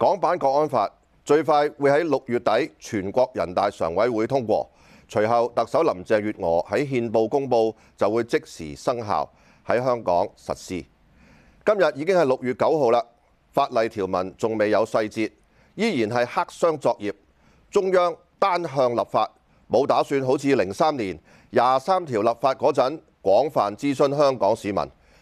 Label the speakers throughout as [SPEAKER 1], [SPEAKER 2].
[SPEAKER 1] 港版國安法最快會喺六月底全國人大常委會通過，隨後特首林鄭月娥喺憲報公佈就會即時生效，喺香港實施。今日已經係六月九號啦，法例條文仲未有細節，依然係黑箱作業。中央單向立法，冇打算好似零三年廿三條立法嗰陣廣泛諮詢香港市民。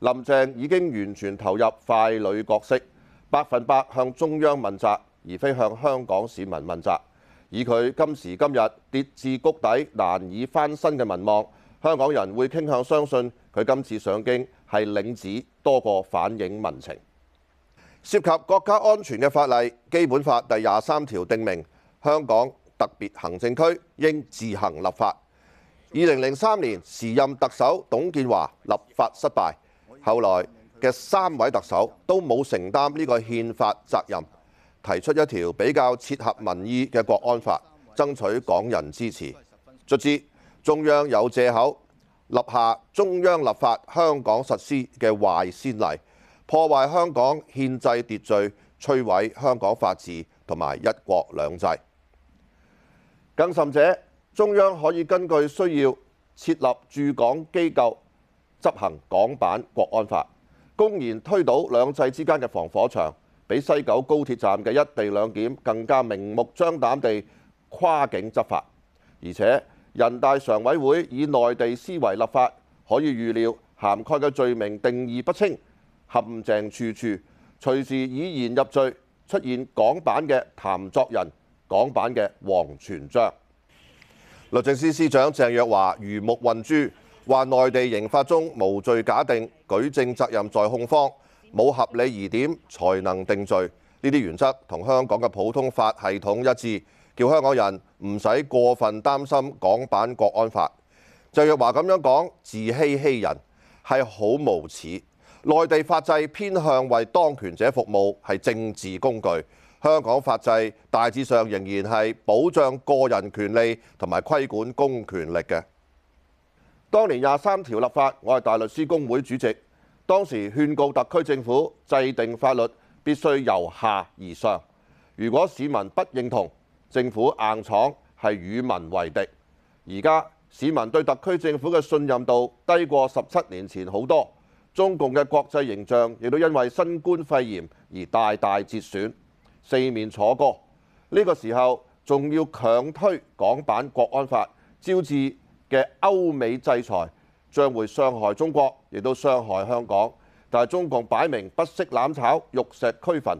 [SPEAKER 1] 林鄭已經完全投入傀儡角色，百分百向中央問責，而非向香港市民問責。以佢今時今日跌至谷底難以翻身嘅民望，香港人會傾向相信佢今次上京係領旨多過反映民情。涉及國家安全嘅法例，《基本法》第廿三條定明，香港特別行政區應自行立法。二零零三年時任特首董建華立法失敗。後來嘅三位特首都冇承擔呢個憲法責任，提出一條比較切合民意嘅國安法，爭取港人支持。卒之，中央有藉口立下中央立法香港實施嘅壞先例，破壞香港憲制秩序，摧毀香港法治同埋一國兩制。更甚者，中央可以根據需要設立駐港機構。執行港版國安法，公然推倒兩制之間嘅防火牆，比西九高鐵站嘅一地兩檢更加明目張膽地跨境執法，而且人大常委會以內地思維立法，可以預料涵蓋嘅罪名定義不清，陷阱處處，隨時以言入罪，出現港版嘅譚作人、港版嘅王全璋。律政司司長鄭若驊魚目混珠。話內地刑法中無罪假定，舉證責任在控方，冇合理疑點才能定罪，呢啲原則同香港嘅普通法系統一致，叫香港人唔使過分擔心港版國安法。鄭若驊咁樣講自欺欺人，係好無恥。內地法制偏向為當權者服務，係政治工具。香港法制大致上仍然係保障個人權利同埋規管公權力嘅。當年廿三條立法，我係大律師公會主席，當時勸告特區政府制定法律必須由下而上，如果市民不認同，政府硬闖係與民為敵。而家市民對特區政府嘅信任度低過十七年前好多，中共嘅國際形象亦都因為新冠肺炎而大大折損，四面楚歌。呢、這個時候仲要強推港版國安法，招致嘅歐美制裁將會傷害中國，亦都傷害香港。但係中共擺明不惜攬炒玉石俱焚，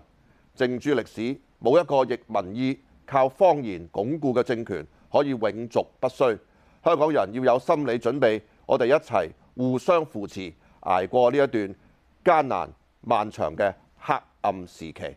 [SPEAKER 1] 證諸歷史冇一個逆民意、靠謊言鞏固嘅政權可以永續不衰。香港人要有心理準備，我哋一齊互相扶持，捱過呢一段艱難漫長嘅黑暗時期。